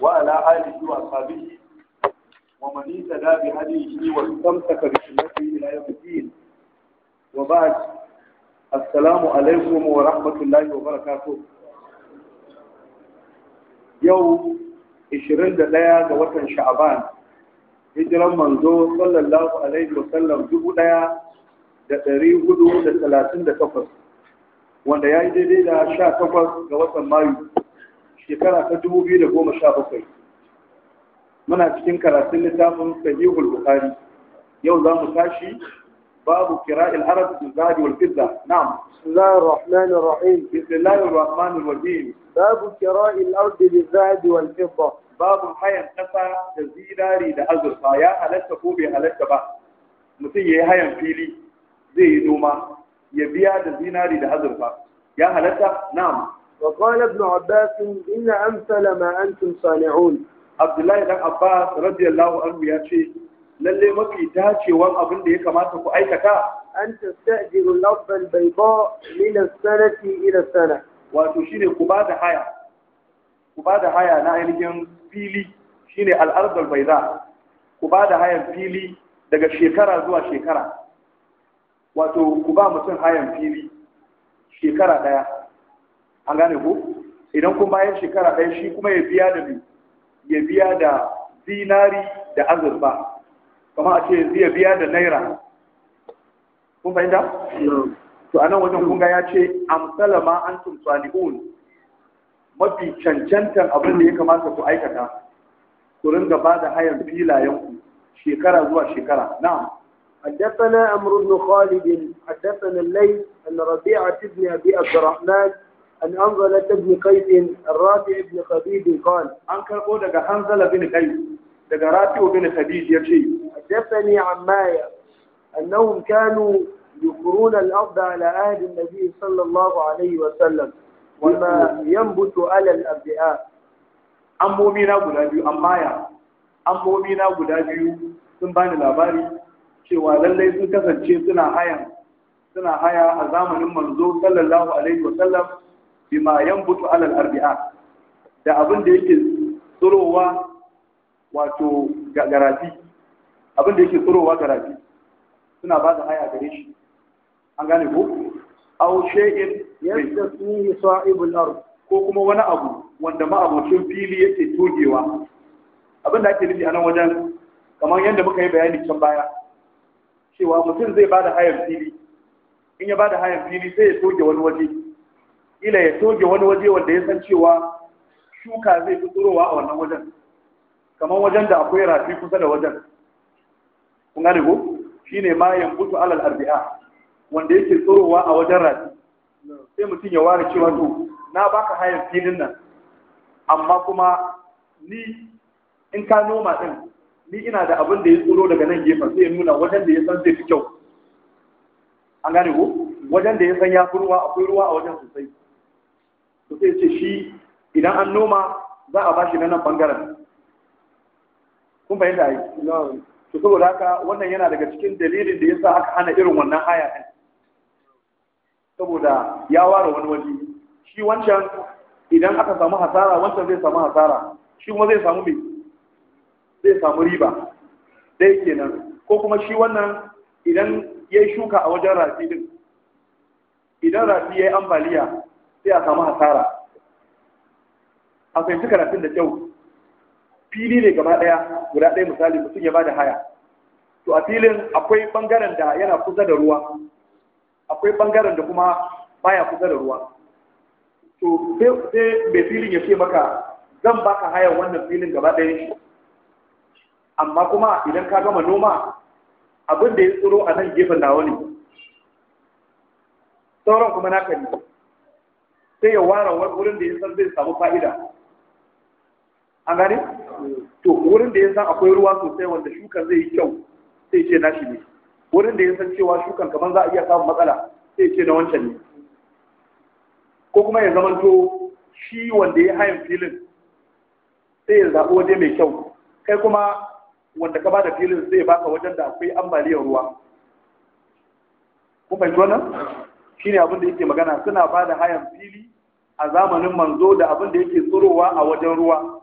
وعلى آله وأصحابه ومن اهتدى بهديه واستمسك بسنته إلى يوم الدين وبعد السلام عليكم ورحمة الله وبركاته يوم 21 ga watan Sha'aban hijiran manzo sallallahu alaihi wasallam dubu ɗaya da ɗari hudu da talatin da takwas wanda ya yi daidai da sha takwas ga watan Mayu shekara ta dubu biyu da goma sha bakwai muna cikin karatun littafin sahihul bukhari yau za mu tashi babu kira'il arab bil zahabi wal fidda na'am bismillahir rahmanir rahim bismillahir rahmanir rahim babu kira'il arab bil zahabi wal fidda babu hayan kasa da zinari da azurfa ya halatta ko bai halatta ba mutum yayi hayan fili zai yi noma ya biya da zinari da azurfa ya halatta na'am وقال ابن عباس إن أمثل ما أنتم صانعون عبد الله بن عباس رضي الله عنه يا شيخ lalle mafi dacewan abin da ya kamata ku aikata an tastajiru lafzan bayda min as-sanati ila sana wato shine ku ba da haya ku ba da fili shine ku ba da hayan fili daga shekara zuwa shekara wato ku ba mutum hayan fili shekara ɗaya. an gane ku. idan kuma bayan shekara ɗaya shi kuma ya biya da ya biya da zinari da azurfa kamar a ce ya biya da naira kun fahimta to a nan wajen kunga ya ce amsala ma an tumsalihun mafi cancantan abin da ya kamata ku aikata ku ringa ba da hayan filayenku shekara zuwa shekara na حدثنا أمر بن خالد حدثنا الليل أن ربيعة بن أبي عبد الرحمن an hanzala ta bi kaifin rafi ibn khabib an karbo daga hanzala bin kai daga rafi bin khabib yace hadathani ammaya annahum kanu يكرون الأرض على عهد النبي صلى الله عليه وسلم وما ينبت على الأبدئاء أمومينا غلابي أمايا أمومينا غلابي sun bani labari cewa lallai sun kasance suna haya a zamanin manzo sallallahu alaihi wa sallam bima yanbutu alal arbi'a da abin da yake tsirowa wato garafi abin da yake tsirowa garafi suna ba da haya gare shi an gane ko aw shay'in yastasmihi sa'ibul ard ko kuma wani abu wanda ma ma'abocin fili yake togewa abin da ake nufi a nan wajen kamar yadda muka yi bayani can baya cewa mutum zai ba da hayar fili in ya ba da hayar fili sai ya toge wani waje ila ya toge wani waje wanda ya san cewa shuka zai fi tsirowa a wannan wajen kamar wajen da akwai rafi kusa da wajen kun gane ko ne ma yankutu alal arbi'a wanda yake tsirowa a wajen rafi sai mutum ya ware cewa to na baka hayan filin nan amma kuma ni in ka noma din ni ina da abin da ya tsoro daga nan gefen sai ya nuna wajen da ya san zai fi kyau an gane ko wajen da ya san ya fi ruwa akwai ruwa a wajen sosai to sai ce shi idan an noma za a bashi na nan bangaren kun fahimta yi. to saboda haka wannan yana daga cikin dalilin da yasa aka hana irin wannan haya ɗin saboda ya ware wani waje shi wancan idan aka samu hasara wancan zai samu hasara shi kuma zai samu me zai samu riba dai kenan ko kuma shi wannan idan ya shuka a wajen rafi din idan rafi ya yi ambaliya sai a samu hasara a fahimci karatun da kyau fili ne gaba ɗaya guda ɗaya misali mutum ya bada haya to a filin akwai ɓangaren da yana kusa da ruwa akwai ɓangaren da kuma baya kusa da ruwa to sai mai filin ya ce maka zan baka hayan wannan filin gaba ɗaya amma kuma idan ka gama noma abin da ya tsoro a nan gefen nawa ne sauran kuma naka ne sai ya ware wurin da ya san zai samu fa'ida an gane to wurin da ya san akwai ruwa sosai wanda shukan zai yi kyau sai ce nashi ne wurin da ya san cewa shukan kamar za a iya samun matsala sai ce na wancan ne ko kuma ya zamanto shi wanda ya hayan filin sai ya zaɓi waje mai kyau kai kuma wanda ka bada filin zai baka wajen da akwai ambaliyar ruwa Kuma yi shine abin da yake magana suna ba da hayan fili a zamanin manzo da abin da yake tsirowa a wajen ruwa